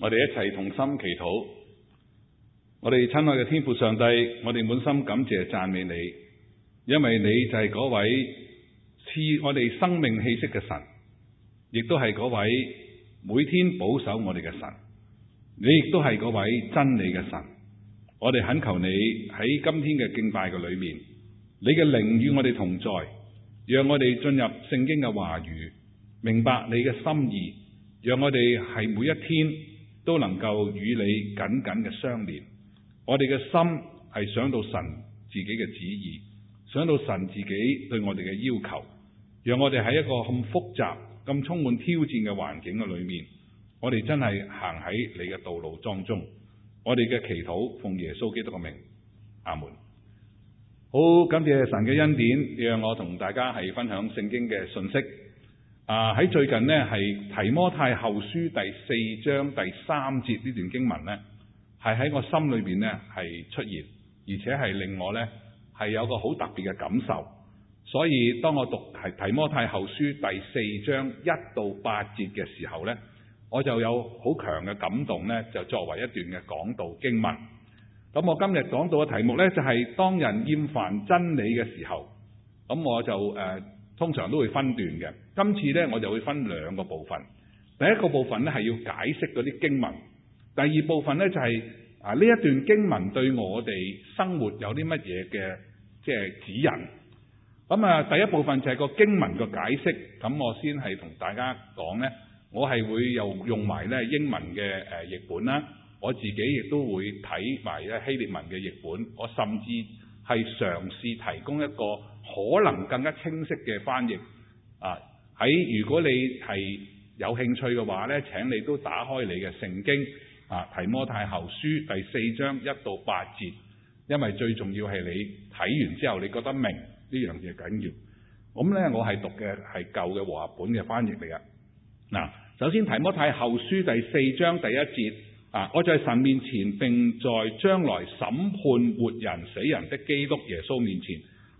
我哋一齊同心祈禱。我哋親愛嘅天父上帝，我哋滿心感謝讚美你，因為你就係嗰位賜我哋生命氣息嘅神，亦都係嗰位每天保守我哋嘅神。你亦都係嗰位真理嘅神。我哋懇求你喺今天嘅敬拜嘅裏面，你嘅靈與我哋同在，讓我哋進入聖經嘅話語，明白你嘅心意，讓我哋喺每一天。都能夠與你緊緊嘅相連，我哋嘅心係想到神自己嘅旨意，想到神自己對我哋嘅要求，讓我哋喺一個咁複雜、咁充滿挑戰嘅環境嘅裏面，我哋真係行喺你嘅道路當中。我哋嘅祈禱，奉耶穌基督嘅名，阿門。好，感謝神嘅恩典，讓我同大家係分享聖經嘅信息。啊！喺最近呢，係提摩太後書第四章第三節呢段經文呢，係喺我心裏邊呢係出現，而且係令我呢係有個好特別嘅感受。所以當我讀提提摩太後書第四章一到八節嘅時候呢，我就有好強嘅感動呢，就作為一段嘅講道經文。咁我今日講到嘅題目呢，就係、是、當人厭煩真理嘅時候，咁我就誒。呃通常都會分段嘅。今次呢，我就會分兩個部分。第一個部分呢，係要解釋嗰啲經文。第二部分呢，就係啊呢一段經文對我哋生活有啲乜嘢嘅即指引。咁啊第一部分就係個經文個解釋。咁我先係同大家講呢，我係會又用埋咧英文嘅誒譯本啦。我自己亦都會睇埋咧希臘文嘅譯本。我甚至係嘗試提供一個可能更加清晰嘅翻譯啊！喺如果你係有興趣嘅話呢，請你都打開你嘅聖經啊，《提摩太後書》第四章一到八節，因為最重要係你睇完之後，你覺得明呢樣嘢緊要。咁呢，我係讀嘅係舊嘅和合本嘅翻譯嚟嘅。嗱、啊，首先《提摩太後書》第四章第一節啊，我在神面前並在將來審判活人死人的基督耶穌面前。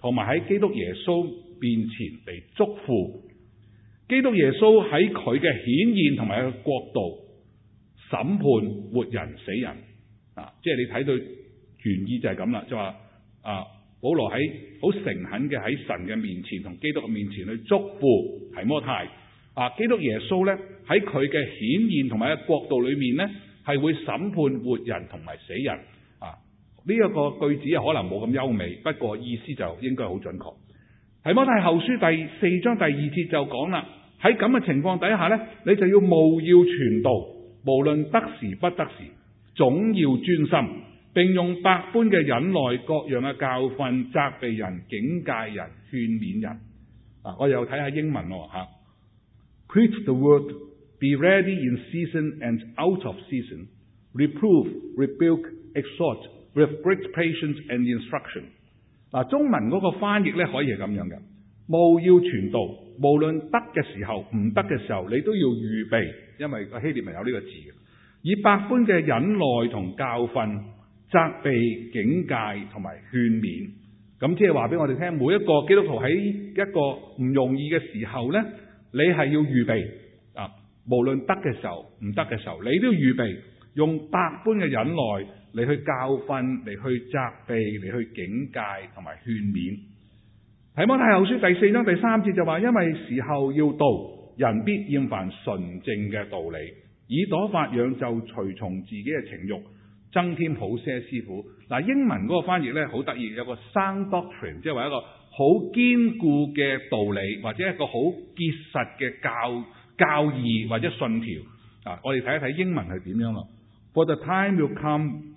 同埋喺基督耶穌面前嚟囑咐，基督耶穌喺佢嘅顯現同埋嘅國度審判活人死人啊！即係你睇到原意就係咁啦，就話啊保羅喺好誠懇嘅喺神嘅面前同基督嘅面前去囑咐提摩太啊！基督耶穌咧喺佢嘅顯現同埋嘅國度裏面咧係會審判活人同埋死人。呢一個句子可能冇咁優美，不過意思就應該好準確，提摩太後書第四章第二節就講啦，喺咁嘅情況底下呢你就要務要傳道，無論得時不得時，總要專心，並用百般嘅忍耐，各樣嘅教訓責備人、警戒人、勸勉人。我又睇下英文喎嚇，preach the word，be ready in season and out of season，reprove，rebuke，exhort。with great patience and instruction。嗱，中文嗰個翻譯咧可以係咁樣嘅，務要傳道，無論得嘅時候、唔得嘅時候，你都要預備，因為個希臘文有呢個字嘅。以百般嘅忍耐同教訓責備警戒同埋勸勉，咁即係話俾我哋聽每一個基督徒喺一個唔容易嘅時候咧，你係要預備啊，無論得嘅時候、唔得嘅時候，你都要預備，用百般嘅忍耐。你去教訓，你去責備，你去警戒同埋勸勉。睇《提摩太後書》第四章第三節就話：因為時候要到，人必厭煩純正嘅道理，耳朵發癢就隨從自己嘅情慾，增添好些。師傅，嗱，英文嗰個翻譯咧好得意，有個 sound doctrine，即係話一個好堅固嘅道理，或者一個好結實嘅教教義或者信條。我哋睇一睇英文係點樣咯。For the time will come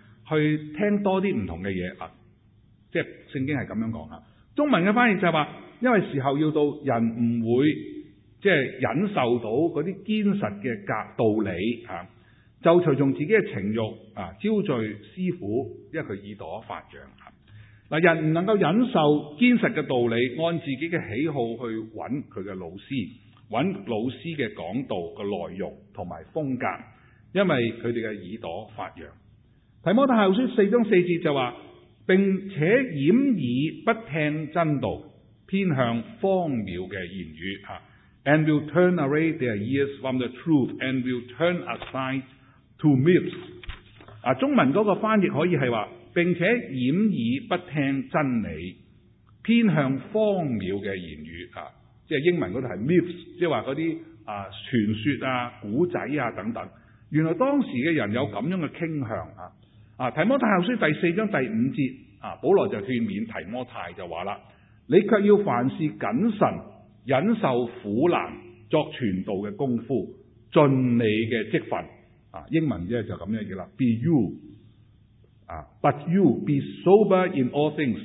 去聽多啲唔同嘅嘢啊！即係聖經係咁樣講啊。中文嘅翻譯就係話，因為時候要到人唔會即係、就是、忍受到嗰啲堅實嘅格道理啊，就隨從自己嘅情慾啊，招聚師傅，因為佢耳朵發癢。嗱，人唔能夠忍受堅實嘅道理，按自己嘅喜好去揾佢嘅老師，揾老師嘅講道嘅內容同埋風格，因為佢哋嘅耳朵發癢。提摩太後書四章四節就話：並且掩耳不聽真道，偏向荒謬嘅言語。啊，and will turn away their ears from the truth and will turn aside to myths 啊，中文嗰個翻譯可以係話：並且掩耳不聽真理，偏向荒謬嘅言語。啊，即係英文嗰度係 myths 即係話嗰啲啊傳說啊、古仔啊等等。原來當時嘅人有咁樣嘅傾向啊！嗯啊，提摩太後書第四章第五節啊，保羅就勸勉提摩太就話啦，你卻要凡事謹慎忍受苦難，作傳道嘅功夫，盡你嘅職份。」啊，英文啫就咁樣嘅啦，Be you 啊，but you be sober in all things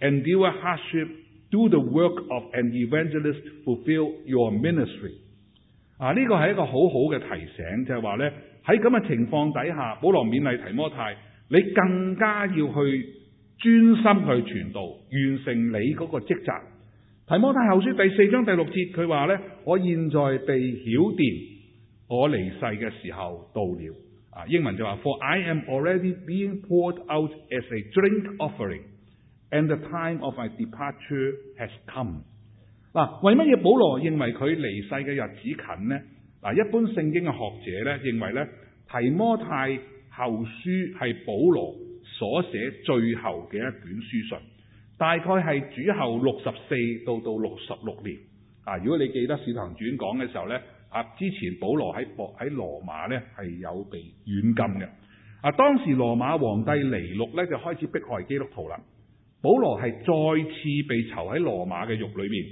and endure hardship, do the work of an evangelist, fulfill your ministry 啊。啊、這、呢個係一個好好嘅提醒，就係話咧，喺咁嘅情況底下，保羅勉勵提摩太。你更加要去專心去傳道，完成你嗰個職責。提摩太後書第四章第六節，佢話呢，我現在被澆奠，我離世嘅時候到了。啊，英文就話：For I am already being poured out as a drink offering, and the time of my departure has come。嗱，為乜嘢保羅認為佢離世嘅日子近呢？嗱，一般聖經嘅學者呢，認為呢提摩太後書係保羅所寫最後嘅一卷書信，大概係主後六十四到到六十六年。啊，如果你記得小行轉講嘅時候呢，啊之前保羅喺博喺羅馬咧係有被軟禁嘅。啊，當時羅馬皇帝尼禄呢就開始迫害基督徒啦。保羅係再次被囚喺羅馬嘅獄裏面。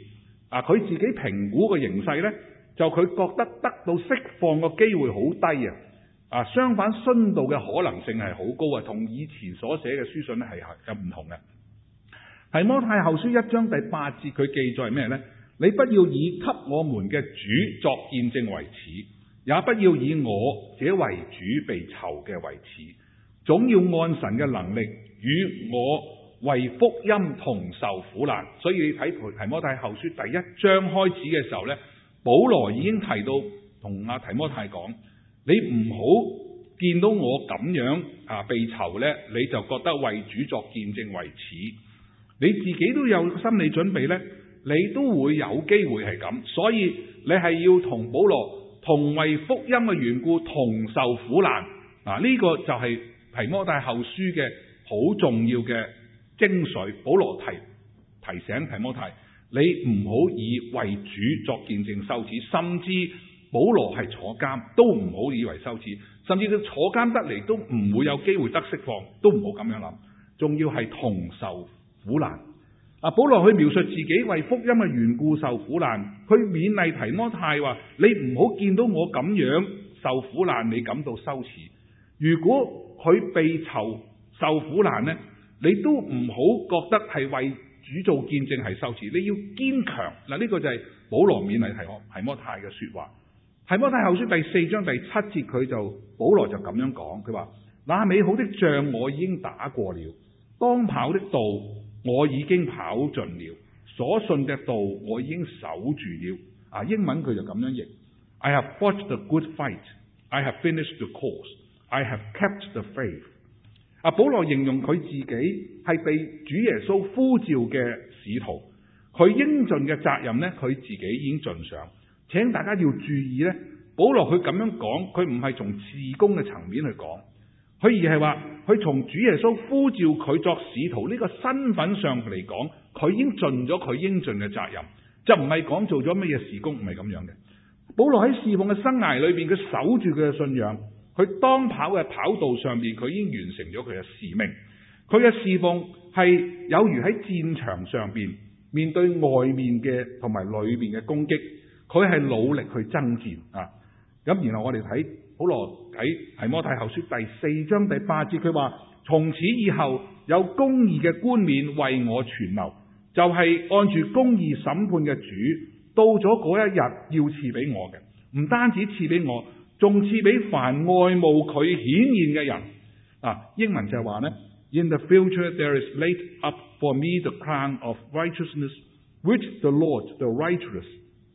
啊，佢自己評估個形勢呢，就佢覺得得到釋放個機會好低啊。啊，相反，殉道嘅可能性係好高啊，同以前所寫嘅書信咧係有唔同嘅。提摩太後書一章第八節佢記載咩呢？「你不要以給我們嘅主作見證為恥，也不要以我這為主被囚嘅為恥，總要按神嘅能力與我為福音同受苦難。」所以你睇提摩太後書第一章開始嘅時候呢，保羅已經提到同阿提摩太講。你唔好見到我咁樣啊被囚呢，你就覺得為主作見證為恥。你自己都有心理準備呢，你都會有機會係咁。所以你係要同保羅同為福音嘅緣故同受苦難嗱，呢、呢個就係提摩太後書嘅好重要嘅精髓。保羅提提醒提摩太，你唔好以為主作見證受恥，甚至，保羅係坐監，都唔好以為羞恥。甚至佢坐監得嚟，都唔會有機會得釋放，都唔好咁樣諗。仲要係同受苦難。啊，保羅去描述自己為福音嘅緣故受苦難，佢勉勵提摩太話：你唔好見到我咁樣受苦難，你感到羞恥。如果佢被囚受苦難呢，你都唔好覺得係為主做見證係羞恥。你要堅強。嗱，呢個就係保羅勉勵提提摩太嘅說話。喺《提摩太後書》第四章第七節，佢就保羅就咁樣講，佢話：那美好的仗我已經打過了，當跑的道我已經跑盡了，所信的道我已經守住了。啊，英文佢就咁樣譯：I have fought the good fight, I have finished the course, I have kept the faith。啊，保羅形容佢自己係被主耶穌呼召嘅使徒，佢應盡嘅責任呢，佢自己已經盡上。請大家要注意呢，保羅佢咁樣講，佢唔係從事工嘅層面去講，佢而係話佢從主耶穌呼召佢作使徒呢個身份上嚟講，佢已經盡咗佢應盡嘅責任，就唔係講做咗乜嘢事工，唔係咁樣嘅。保羅喺侍奉嘅生涯裏面，佢守住佢嘅信仰，佢當跑嘅跑道上面，佢已經完成咗佢嘅使命。佢嘅侍奉係有如喺戰場上邊面對外面嘅同埋裏面嘅攻擊。佢係努力去爭戰啊！咁、啊、然後我哋睇《保羅喺提摩太後書》第四章第八節，佢話：從此以後有公義嘅冠冕為我存留，就係、是、按住公義審判嘅主，到咗嗰一日要賜俾我嘅。唔單止賜俾我，仲賜俾凡愛慕佢顯現嘅人。啊，英文就係話呢 In the future there is laid up for me the crown of righteousness, which the Lord the righteous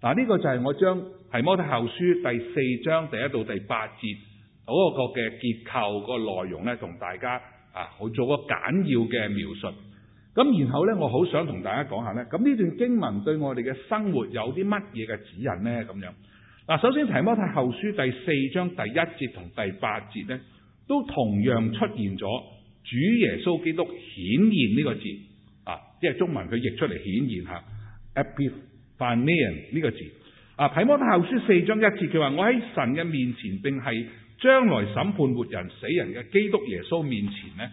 嗱呢個就係我將提摩太後書第四章第一到第八節嗰個個嘅結構、個內容咧，同大家啊去做個簡要嘅描述。咁然後咧，我好想同大家講下咧，咁呢段經文對我哋嘅生活有啲乜嘢嘅指引咧？咁樣嗱，首先提摩太後書第四章第一節同第八節咧，都同樣出現咗主耶穌基督顯現呢個字啊，即係中文佢譯出嚟顯現一下 a p p 凡咩人呢個字？啊，提摩太後書四章一節，佢話我喺神嘅面前，並係將來審判活人死人嘅基督耶穌面前呢，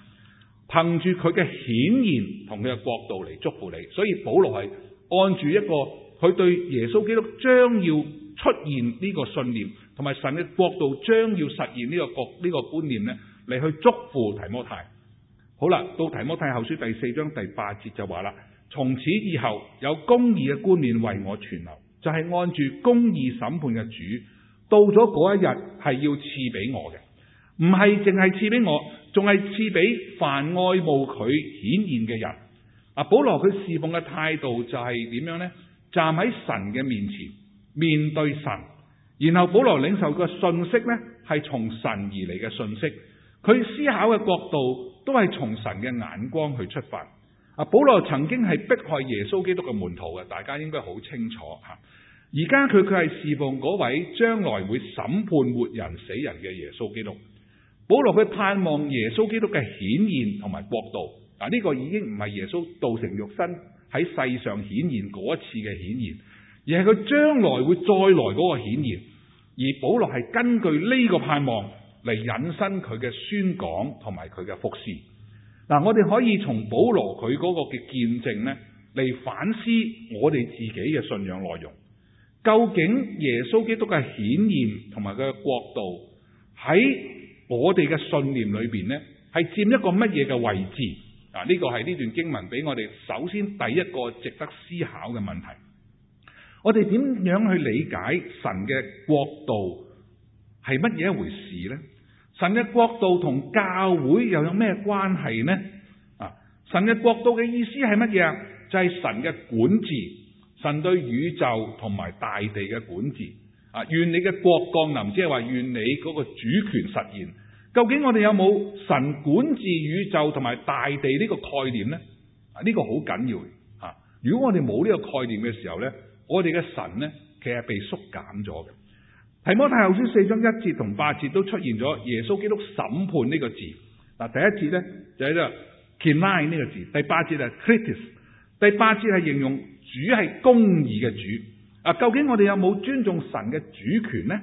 憑住佢嘅顯現同佢嘅國度嚟祝福你。所以保羅係按住一個佢對耶穌基督將要出現呢個信念，同埋神嘅國度將要實現呢個國呢、這個觀念咧嚟去祝福提摩太。好啦，到提摩太後書第四章第八節就話啦。從此以後，有公義嘅冠冕為我存留，就係按住公義審判嘅主。到咗嗰一日，係要賜俾我嘅，唔係淨係賜俾我，仲係賜俾凡愛慕佢顯現嘅人。啊，保羅佢侍奉嘅態度就係點樣呢？站喺神嘅面前，面對神，然後保羅領受嘅信息呢，係從神而嚟嘅信息。佢思考嘅角度都係從神嘅眼光去出發。啊！保羅曾經係迫害耶穌基督嘅門徒嘅，大家應該好清楚吓。而家佢佢係侍奉嗰位將來會審判活人死人嘅耶穌基督。保羅佢盼望耶穌基督嘅顯現同埋國度。嗱，呢個已經唔係耶穌道成肉身喺世上顯現嗰一次嘅顯現，而係佢將來會再來嗰個顯現。而保羅係根據呢個盼望嚟引申佢嘅宣講同埋佢嘅服事。嗱，我哋可以從保羅佢嗰個嘅見證咧，嚟反思我哋自己嘅信仰內容。究竟耶穌基督嘅顯現同埋佢嘅國度喺我哋嘅信念裏邊咧，係佔一個乜嘢嘅位置，啊，呢個係呢段經文俾我哋首先第一個值得思考嘅問題。我哋點樣去理解神嘅國度係乜嘢一回事咧？神嘅國度同教會又有咩關係呢？啊，神嘅國度嘅意思係乜嘢？就係、是、神嘅管治，神對宇宙同埋大地嘅管治。啊，願你嘅國降臨，即係話願你嗰個主權實現。究竟我哋有冇神管治宇宙同埋大地呢個概念呢？啊、這個，呢個好緊要啊，如果我哋冇呢個概念嘅時候呢，我哋嘅神呢，其實係被縮減咗嘅。提摩太後書四章一節同八節都出現咗耶穌基督審判呢個字。嗱第一節咧就喺、是、個 krinein 呢個字，第八節係 krites，第八節係形容主係公義嘅主。啊，究竟我哋有冇尊重神嘅主權咧？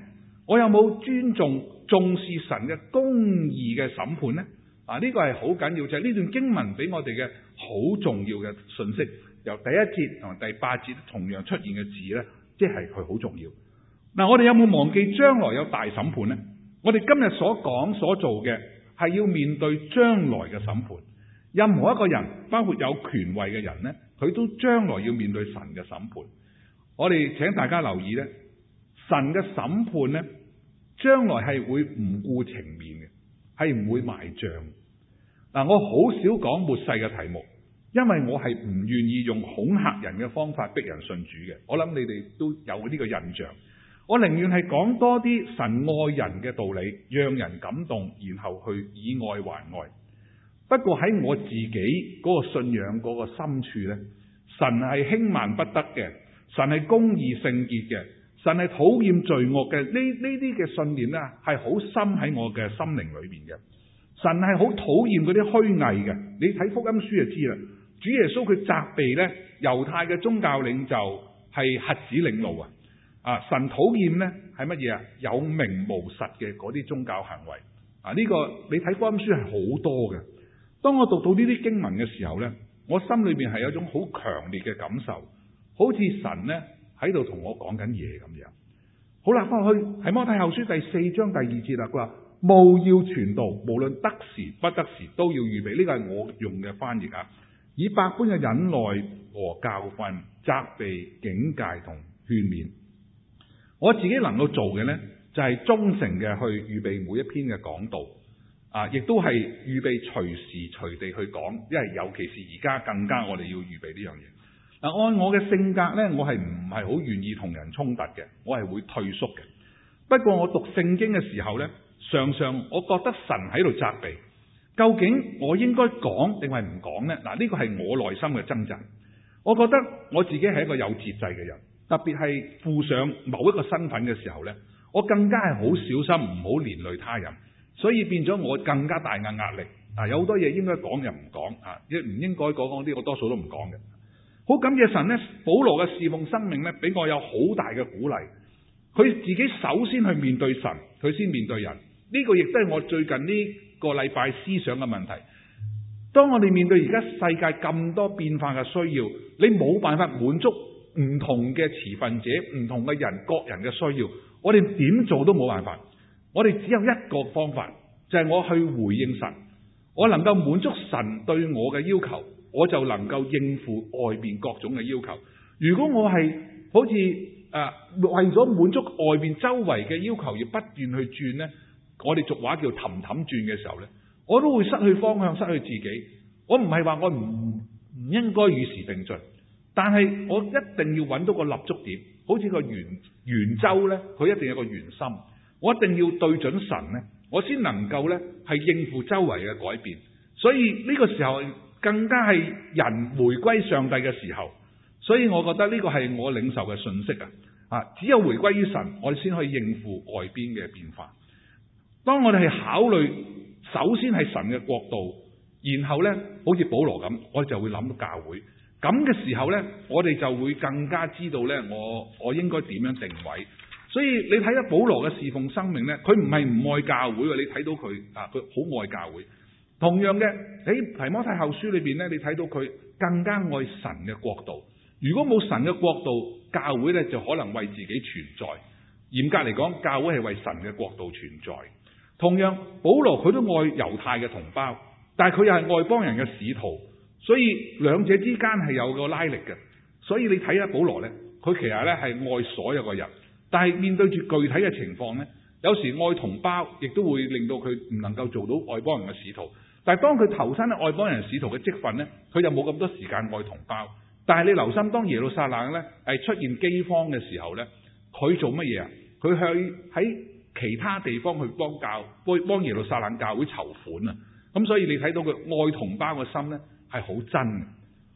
我有冇尊重重視神嘅公義嘅審判咧？啊，呢個係好緊要，就係、是、呢段經文俾我哋嘅好重要嘅訊息。由第一節同第八節同樣出現嘅字咧，即係佢好重要。嗱，我哋有冇忘記將來有大審判呢？我哋今日所講所做嘅係要面對將來嘅審判。任何一個人，包括有權威嘅人呢，佢都將來要面對神嘅審判。我哋請大家留意呢，神嘅審判呢，將來係會唔顧情面嘅，係唔會埋葬。嗱，我好少講末世嘅題目，因為我係唔願意用恐嚇人嘅方法逼人信主嘅。我諗你哋都有呢個印象。我寧願係講多啲神愛人嘅道理，讓人感動，然後去以愛還愛。不過喺我自己嗰個信仰嗰個深處呢，神係輕慢不得嘅，神係公義聖潔嘅，神係討厭罪惡嘅。呢呢啲嘅信念呢，係好深喺我嘅心靈裏面嘅。神係好討厭嗰啲虛偽嘅。你睇福音書就知啦。主耶穌佢責備呢猶太嘅宗教領袖係瞎子領路啊！啊！神討厭呢係乜嘢啊？有名無實嘅嗰啲宗教行為啊！呢、這個你睇《官書》係好多嘅。當我讀到呢啲經文嘅時候呢，我心裏面係有種好強烈嘅感受，好似神呢喺度同我講緊嘢咁樣。好啦，翻去係《摩太後書》第四章第二節啦。佢話：務要傳道，無論得時不得時，都要預備。呢、這個係我用嘅翻譯啊。以百般嘅忍耐和教訓、責備、警戒同勸勉。我自己能夠做嘅呢，就係忠誠嘅去預備每一篇嘅講道，啊，亦都係預備隨時隨地去講，因為尤其係而家更加我哋要預備呢樣嘢。嗱，按我嘅性格呢，我係唔係好願意同人衝突嘅，我係會退縮嘅。不過我讀聖經嘅時候呢，常常我覺得神喺度責備，究竟我應該講定係唔講呢？嗱，呢個係我內心嘅掙扎。我覺得我自己係一個有節制嘅人。特別係附上某一個身份嘅時候呢，我更加係好小心，唔好連累他人，所以變咗我更加大嘅壓力。啊，有好多嘢應該講又唔講啊，唔應該講嗰啲我多數都唔講嘅。好感謝神呢，保羅嘅侍奉生命呢，俾我有好大嘅鼓勵。佢自己首先去面對神，佢先面對人。呢個亦都係我最近呢個禮拜思想嘅問題。當我哋面對而家世界咁多變化嘅需要，你冇辦法滿足。唔同嘅持份者，唔同嘅人，各人嘅需要，我哋點做都冇辦法。我哋只有一個方法，就係、是、我去回應神。我能夠滿足神對我嘅要求，我就能夠應付外邊各種嘅要求。如果我係好似誒、呃、為咗滿足外邊周圍嘅要求而不斷去轉咧，我哋俗話叫氹氹轉嘅時候咧，我都會失去方向，失去自己。我唔係話我唔唔應該與時並進。但係我一定要揾到個立足點，好似個圓圓周呢，佢一定有個圓心。我一定要對準神呢，我先能夠呢係應付周圍嘅改變。所以呢個時候更加係人回歸上帝嘅時候。所以我覺得呢個係我領受嘅訊息啊！啊，只有回歸於神，我哋先可以應付外邊嘅變化。當我哋係考慮，首先係神嘅國度，然後呢好似保羅咁，我哋就會諗到教會。咁嘅時候呢，我哋就會更加知道呢，我我應該點樣定位。所以你睇下保羅嘅侍奉生命呢，佢唔係唔愛教會喎，你睇到佢啊，佢好愛教會。同樣嘅喺提摩太後書裏面呢，你睇到佢更加愛神嘅國度。如果冇神嘅國度，教會呢就可能為自己存在。嚴格嚟講，教會係為神嘅國度存在。同樣，保羅佢都愛猶太嘅同胞，但係佢又係外邦人嘅使徒。所以兩者之間係有個拉力嘅，所以你睇下保羅呢，佢其實呢係愛所有個人，但係面對住具體嘅情況呢，有時愛同胞亦都會令到佢唔能夠做到外邦人嘅使徒，但係當佢投身喺外邦人使徒嘅職份呢，佢就冇咁多時間愛同胞。但係你留心，當耶路撒冷呢出現饑荒嘅時候呢，佢做乜嘢啊？佢去喺其他地方去幫教幫耶路撒冷教會籌款啊！咁所以你睇到佢愛同胞嘅心呢。係好真嘅。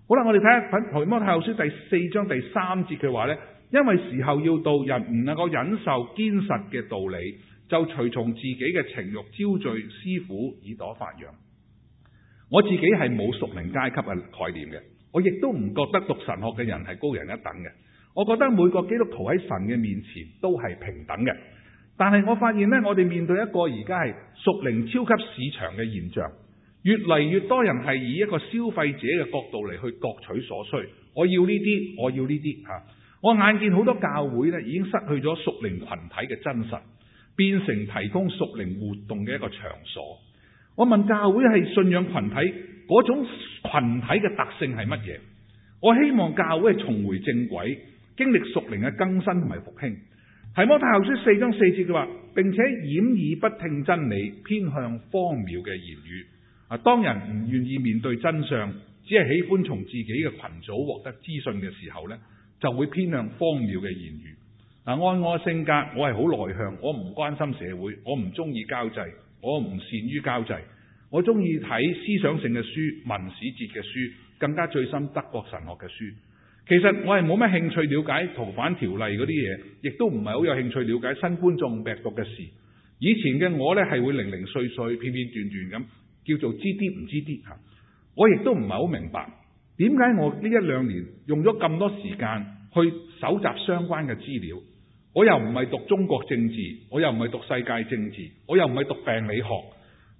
好啦，我哋睇下《提摩太後書》第四章第三節佢話呢，因為時候要到，人唔能夠忍受堅實嘅道理，就隨從自己嘅情慾招聚師傅耳朵發揚。我自己係冇屬靈階級嘅概念嘅，我亦都唔覺得讀神學嘅人係高人一等嘅。我覺得每個基督徒喺神嘅面前都係平等嘅。但係我發現呢，我哋面對一個而家係屬靈超級市場嘅現象。越嚟越多人係以一個消費者嘅角度嚟去各取所需。我要呢啲，我要呢啲嚇。我眼見好多教會咧已經失去咗屬靈群體嘅真實，變成提供屬靈活動嘅一個場所。我問教會係信仰群體嗰種群體嘅特性係乜嘢？我希望教會係重回正軌，經歷屬靈嘅更新同埋復興。提摩太後書四章四節嘅話：並且掩耳不聽真理，偏向荒謬嘅言語。啊！當人唔願意面對真相，只係喜歡從自己嘅群組獲得資訊嘅時候呢，就會偏向荒謬嘅言語。嗱，按我性格，我係好內向，我唔關心社會，我唔中意交際，我唔善於交際，我中意睇思想性嘅書、文史哲嘅書，更加最深德國神學嘅書。其實我係冇乜興趣了解逃犯條例嗰啲嘢，亦都唔係好有興趣了解新冠狀病毒嘅事。以前嘅我呢係會零零碎碎、片片段段咁。叫做知啲唔知啲吓，我亦都唔係好明白點解我呢一兩年用咗咁多時間去搜集相關嘅資料，我又唔係讀中國政治，我又唔係讀世界政治，我又唔係讀病理學，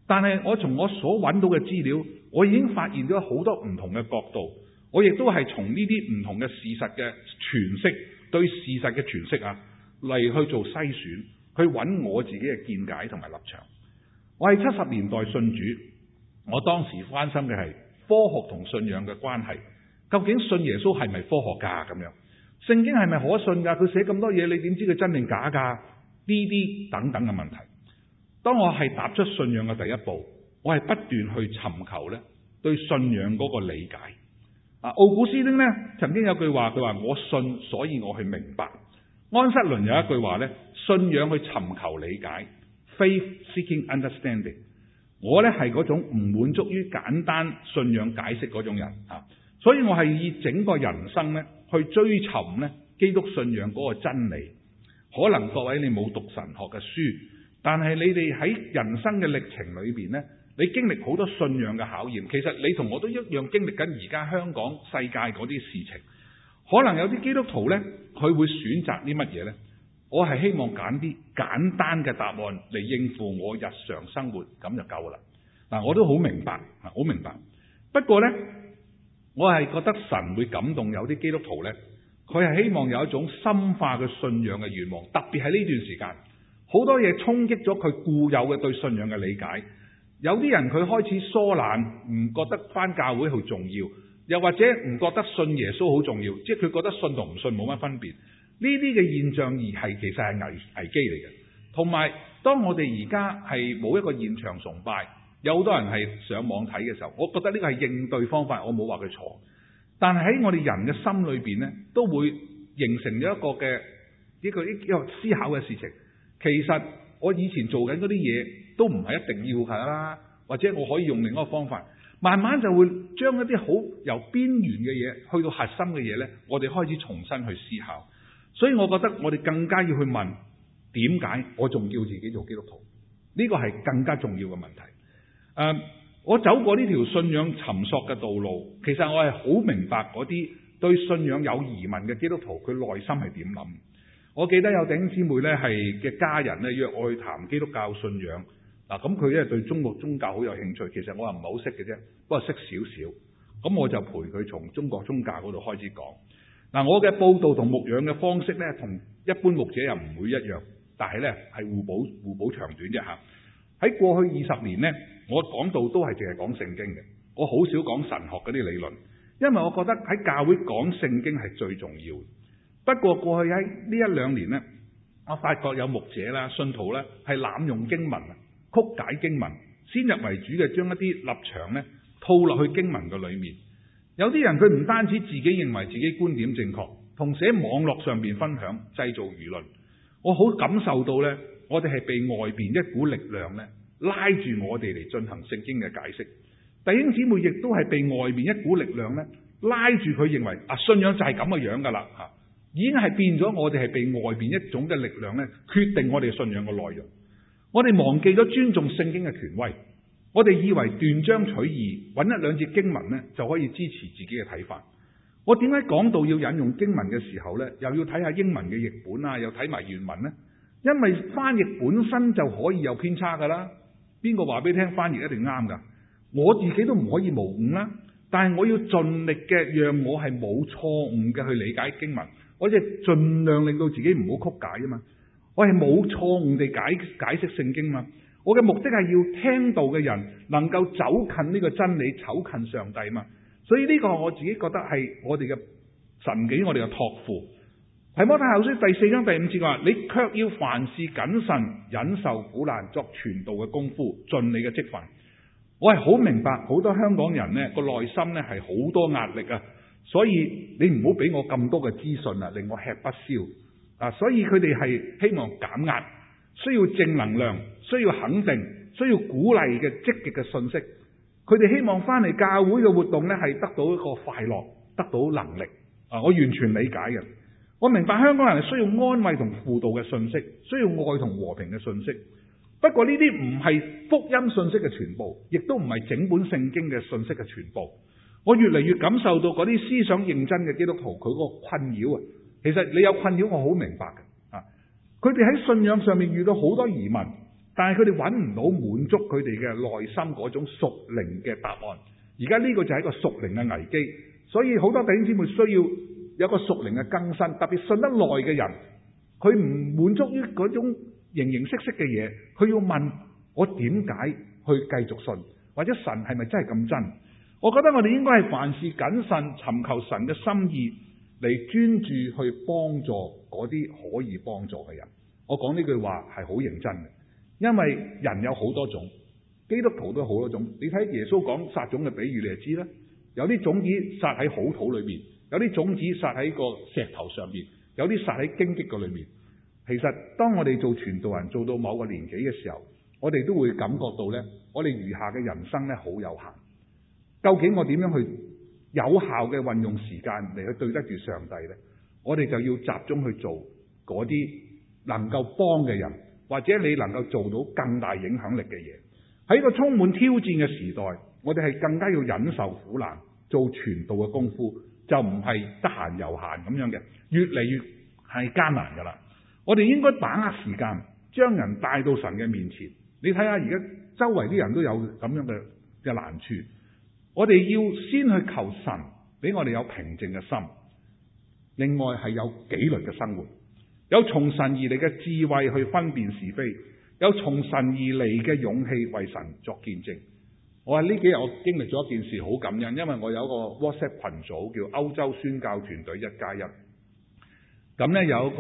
但係我從我所揾到嘅資料，我已經發現咗好多唔同嘅角度，我亦都係從呢啲唔同嘅事實嘅詮釋，對事實嘅詮釋啊，嚟去做篩選，去揾我自己嘅見解同埋立場。我係七十年代信主。我當時關心嘅係科學同信仰嘅關係，究竟信耶穌係咪科學家？咁樣？聖經係咪可信㗎？佢寫咁多嘢，你點知佢真定假㗎？呢啲等等嘅問題，當我係踏出信仰嘅第一步，我係不斷去尋求呢對信仰嗰個理解。啊，奧古斯丁呢曾經有句話，佢話：我信，所以我去明白。安塞倫有一句話呢、嗯、信仰去尋求理解，faith seeking understanding。我咧係嗰種唔滿足於簡單信仰解釋嗰種人啊，所以我係以整個人生咧去追尋咧基督信仰嗰個真理。可能各位你冇讀神學嘅書，但係你哋喺人生嘅歷程裏邊咧，你經歷好多信仰嘅考驗。其實你同我都一樣經歷緊而家香港世界嗰啲事情。可能有啲基督徒咧，佢會選擇啲乜嘢呢？我係希望揀啲簡單嘅答案嚟應付我日常生活，咁就夠啦。嗱，我都好明白，好明白。不過呢，我係覺得神會感動有啲基督徒呢，佢係希望有一種深化嘅信仰嘅願望，特別喺呢段時間，好多嘢衝擊咗佢固有嘅對信仰嘅理解。有啲人佢開始疏懶，唔覺得返教會好重要，又或者唔覺得信耶穌好重要，即係佢覺得信同唔信冇乜分別。呢啲嘅現象而係其實係危危機嚟嘅，同埋當我哋而家係冇一個現場崇拜，有好多人係上網睇嘅時候，我覺得呢個係應對方法，我冇話佢錯。但係喺我哋人嘅心裏面呢，都會形成咗一個嘅一個一個思考嘅事情。其實我以前做緊嗰啲嘢都唔係一定要㗎啦，或者我可以用另一個方法，慢慢就會將一啲好由邊緣嘅嘢去到核心嘅嘢呢，我哋開始重新去思考。所以，我覺得我哋更加要去問點解我仲叫自己做基督徒？呢個係更加重要嘅問題。Uh, 我走過呢條信仰尋索嘅道路，其實我係好明白嗰啲對信仰有疑問嘅基督徒，佢內心係點諗。我記得有頂姊妹呢係嘅家人呢，約我去談基督教信仰。嗱，咁佢因為對中國宗教好有興趣，其實我又唔係好識嘅啫，不過識少少，咁我就陪佢從中國宗教嗰度開始講。嗱，我嘅佈道同牧養嘅方式呢，同一般牧者又唔會一樣，但係呢，係互補互補長短啫嚇。喺過去二十年呢，我講道都係淨係講聖經嘅，我好少講神學嗰啲理論，因為我覺得喺教會講聖經係最重要的。不過過去喺呢一兩年呢，我發覺有牧者啦、信徒呢，係濫用經文、曲解經文、先入為主嘅將一啲立場呢，套落去經文嘅裏面。有啲人佢唔單止自己認為自己觀點正確，同時喺網絡上面分享，製造輿論。我好感受到呢，我哋係被外面一股力量呢，拉住我哋嚟進行聖經嘅解釋。弟兄姊妹亦都係被外面一股力量呢，拉住佢認為啊，信仰就係咁嘅樣㗎啦嚇，已經係變咗我哋係被外面一種嘅力量呢，決定我哋信仰嘅內容。我哋忘記咗尊重聖經嘅權威。我哋以為斷章取義揾一兩節經文呢就可以支持自己嘅睇法。我點解講到要引用經文嘅時候呢，又要睇下英文嘅譯本啊，又睇埋原文呢？因為翻譯本身就可以有偏差噶啦。邊個話俾你聽翻譯一定啱噶？我自己都唔可以無誤啦。但係我要盡力嘅，讓我係冇錯誤嘅去理解經文。我亦盡量令到自己唔好曲解啊嘛。我係冇錯誤地解解釋聖經嘛。我嘅目的係要聽道嘅人能夠走近呢個真理，走近上帝嘛。所以呢個我自己覺得係我哋嘅神俾我哋嘅託付，喺《摩太後書》第四章第五節，佢話：你卻要凡事謹慎，忍受苦難，作傳道嘅功夫，盡你嘅職份。我係好明白，好多香港人呢個內心呢係好多壓力啊，所以你唔好俾我咁多嘅資訊啊，令我吃不消啊。所以佢哋係希望減壓，需要正能量。需要肯定、需要鼓勵嘅積極嘅信息，佢哋希望翻嚟教會嘅活動咧，係得到一個快樂、得到能力啊！我完全理解嘅，我明白香港人係需要安慰同輔導嘅信息，需要愛同和、和平嘅信息。不過呢啲唔係福音信息嘅全部，亦都唔係整本聖經嘅信息嘅全部。我越嚟越感受到嗰啲思想認真嘅基督徒佢嗰個困擾啊！其實你有困擾，我好明白嘅啊！佢哋喺信仰上面遇到好多疑問。但係佢哋揾唔到滿足佢哋嘅內心嗰種屬靈嘅答案，而家呢個就係一個屬靈嘅危機。所以好多弟兄姊妹需要有個屬靈嘅更新，特別信得耐嘅人，佢唔滿足於嗰種形形色色嘅嘢，佢要問我點解去繼續信，或者神係咪真係咁真？我覺得我哋應該係凡事謹慎，尋求神嘅心意，嚟專注去幫助嗰啲可以幫助嘅人。我講呢句話係好認真嘅。因為人有好多種，基督徒都好多種。你睇耶穌講撒種嘅比喻，你就知啦。有啲種子撒喺好土裏邊，有啲種子撒喺個石頭上邊，有啲撒喺荊棘個裏面。其實當我哋做傳道人做到某個年紀嘅時候，我哋都會感覺到咧，我哋餘下嘅人生咧好有限。究竟我點樣去有效嘅運用時間嚟去對得住上帝咧？我哋就要集中去做嗰啲能夠幫嘅人。或者你能夠做到更大影響力嘅嘢，喺一個充滿挑戰嘅時代，我哋係更加要忍受苦難，做傳道嘅功夫，就唔係得閒遊閒咁樣嘅，越嚟越係艱難噶啦。我哋應該把握時間，將人帶到神嘅面前。你睇下而家周圍啲人都有咁樣嘅嘅難處，我哋要先去求神俾我哋有平靜嘅心，另外係有紀律嘅生活。有從神而嚟嘅智慧去分辨是非，有從神而嚟嘅勇氣為神作見證。我話呢幾日我經歷咗一件事好感恩，因為我有個 WhatsApp 群組叫歐洲宣教團隊一加一，咁呢，有一個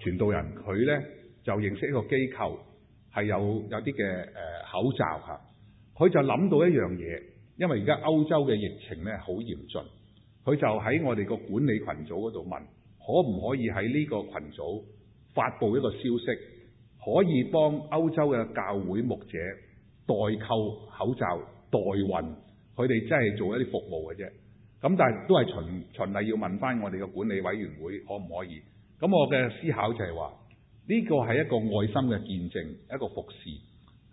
傳道人佢呢就認識一個機構，係有有啲嘅誒口罩吓，佢就諗到一樣嘢，因為而家歐洲嘅疫情呢好嚴峻，佢就喺我哋個管理群組嗰度問。可唔可以喺呢個群組發佈一個消息，可以幫歐洲嘅教會牧者代購口罩、代運，佢哋真係做一啲服務嘅啫。咁但係都係循循例要問翻我哋嘅管理委員會可唔可以？咁我嘅思考就係話，呢個係一個愛心嘅見證，一個服侍，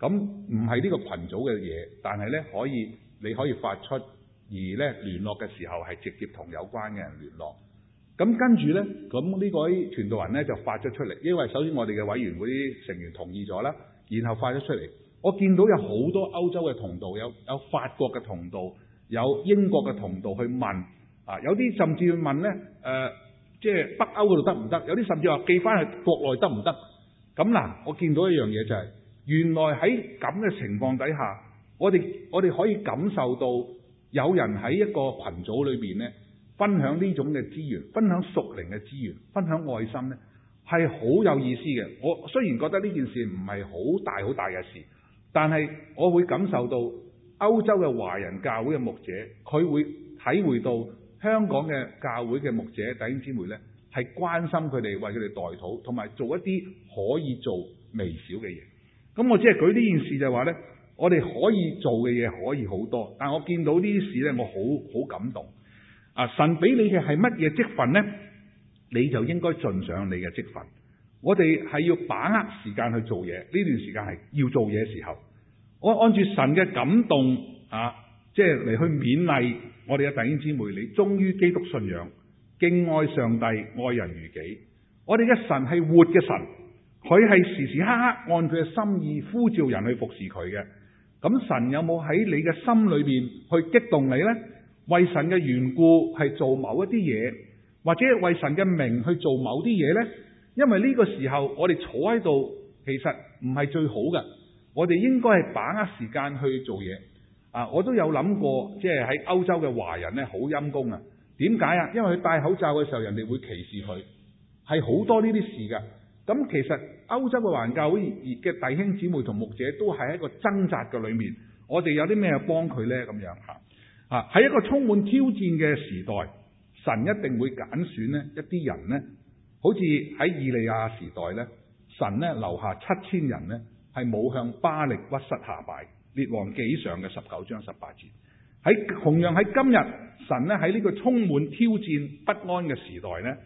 咁唔係呢個群組嘅嘢，但係咧可以，你可以發出而咧聯絡嘅時候係直接同有關嘅人聯絡。咁跟住呢，咁、這、呢個傳道人呢，就發咗出嚟，因為首先我哋嘅委員會成員同意咗啦，然後發咗出嚟。我見到有好多歐洲嘅同道，有有法國嘅同道，有英國嘅同道去問啊，有啲甚至去問呢，即、呃、係、就是、北歐嗰度得唔得？有啲甚至話寄翻去國內得唔得？咁嗱，我見到一樣嘢就係、是，原來喺咁嘅情況底下，我哋我哋可以感受到有人喺一個群組裏邊呢。分享呢種嘅資源，分享屬靈嘅資源，分享愛心呢係好有意思嘅。我雖然覺得呢件事唔係好大好大嘅事，但係我會感受到歐洲嘅華人教會嘅牧者，佢會體會到香港嘅教會嘅牧者弟兄姊妹呢係關心佢哋，為佢哋代禱，同埋做一啲可以做微小嘅嘢。咁我只係舉呢件事就係話呢：「我哋可以做嘅嘢可以好多，但我見到呢啲事呢，我好好感動。啊！神俾你嘅係乜嘢職份呢？你就應該盡上你嘅職份。我哋係要把握時間去做嘢，呢段時間係要做嘢嘅時候。我按住神嘅感動啊，即係嚟去勉勵我哋嘅弟兄姊妹，你忠於基督信仰，敬愛上帝，愛人如己。我哋嘅神係活嘅神，佢係時時刻刻按佢嘅心意呼召人去服侍佢嘅。咁神有冇喺你嘅心裏邊去激動你呢？為神嘅緣故係做某一啲嘢，或者為神嘅名去做某啲嘢呢？因為呢個時候我哋坐喺度，其實唔係最好嘅。我哋應該係把握時間去做嘢。啊，我都有諗過，即係喺歐洲嘅華人呢，好陰功啊，點解啊？因為佢戴口罩嘅時候，人哋會歧視佢，係好多呢啲事噶。咁其實歐洲嘅環教會嘅弟兄姊妹同牧者都係一個掙扎嘅裏面。我哋有啲咩幫佢呢？咁樣吓。啊！喺一個充滿挑戰嘅時代，神一定會揀選呢一啲人呢，好似喺以利亞時代呢，神呢留下七千人呢係冇向巴力屈膝下拜，列王紀上嘅，十九章十八節。喺同樣喺今日，神呢喺呢個充滿挑戰不安嘅時代呢，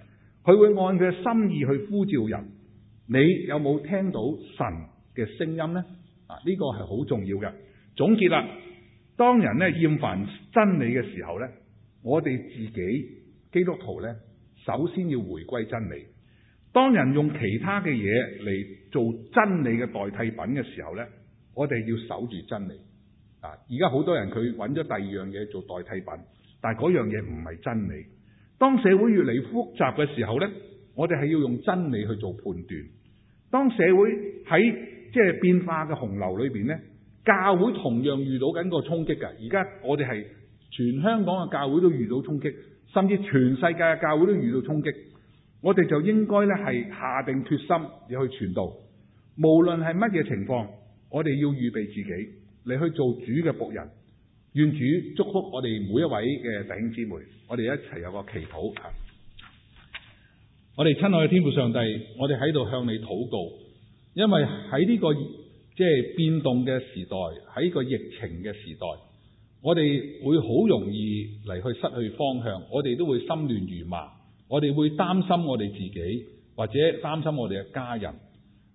佢會按佢嘅心意去呼召人。你有冇聽到神嘅聲音呢？啊，呢個係好重要嘅總結啦。當人咧厭煩真理嘅時候呢，我哋自己基督徒呢，首先要回歸真理。當人用其他嘅嘢嚟做真理嘅代替品嘅時候呢，我哋要守住真理。啊，而家好多人佢揾咗第二樣嘢做代替品，但係嗰樣嘢唔係真理。當社會越嚟複雜嘅時候呢，我哋係要用真理去做判斷。當社會喺即係變化嘅洪流裏面呢。教會同樣遇到緊個衝擊噶，而家我哋係全香港嘅教會都遇到衝擊，甚至全世界嘅教會都遇到衝擊。我哋就應該咧係下定決心要去傳道，無論係乜嘢情況，我哋要預備自己你去做主嘅僕人。願主祝福我哋每一位嘅弟兄姊妹，我哋一齊有個祈禱。是我哋親愛嘅天父上帝，我哋喺度向你禱告，因為喺呢個。即係變動嘅時代，喺個疫情嘅時代，我哋會好容易嚟去失去方向，我哋都會心亂如麻，我哋會擔心我哋自己，或者擔心我哋嘅家人。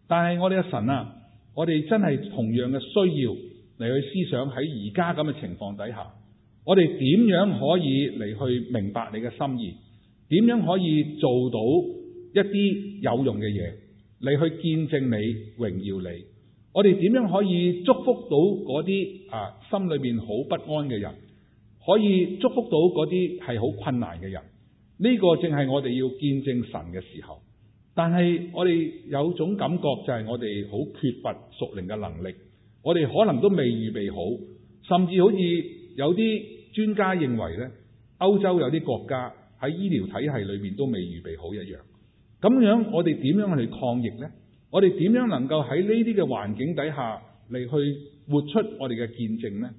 但係我哋嘅神啊，我哋真係同樣嘅需要嚟去思想喺而家咁嘅情況底下，我哋點樣可以嚟去明白你嘅心意？點樣可以做到一啲有用嘅嘢，嚟去見證你，榮耀你。我哋點樣可以祝福到嗰啲啊心裏面好不安嘅人，可以祝福到嗰啲係好困難嘅人？呢個正係我哋要見證神嘅時候。但係我哋有種感覺就係我哋好缺乏屬靈嘅能力，我哋可能都未預備好，甚至好似有啲專家認為呢，歐洲有啲國家喺醫療體系裏面都未預備好一樣。咁樣我哋點樣去抗疫呢？我哋點樣能夠喺呢啲嘅環境底下嚟去活出我哋嘅見證呢？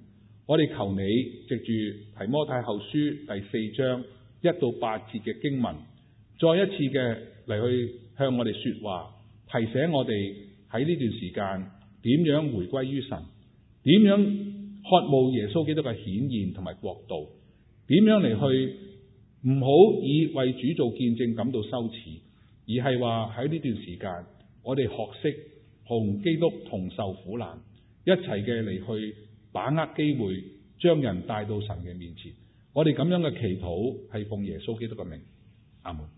我哋求你藉住提摩太後書第四章一到八節嘅經文，再一次嘅嚟去向我哋說話，提醒我哋喺呢段時間點樣回歸於神，點樣渴慕耶穌基督嘅顯現同埋國度，點樣嚟去唔好以為主做見證感到羞恥，而係話喺呢段時間。我哋學識同基督同受苦難，一齊嘅嚟去把握機會，將人帶到神嘅面前。我哋咁樣嘅祈禱係奉耶穌基督嘅名，阿門。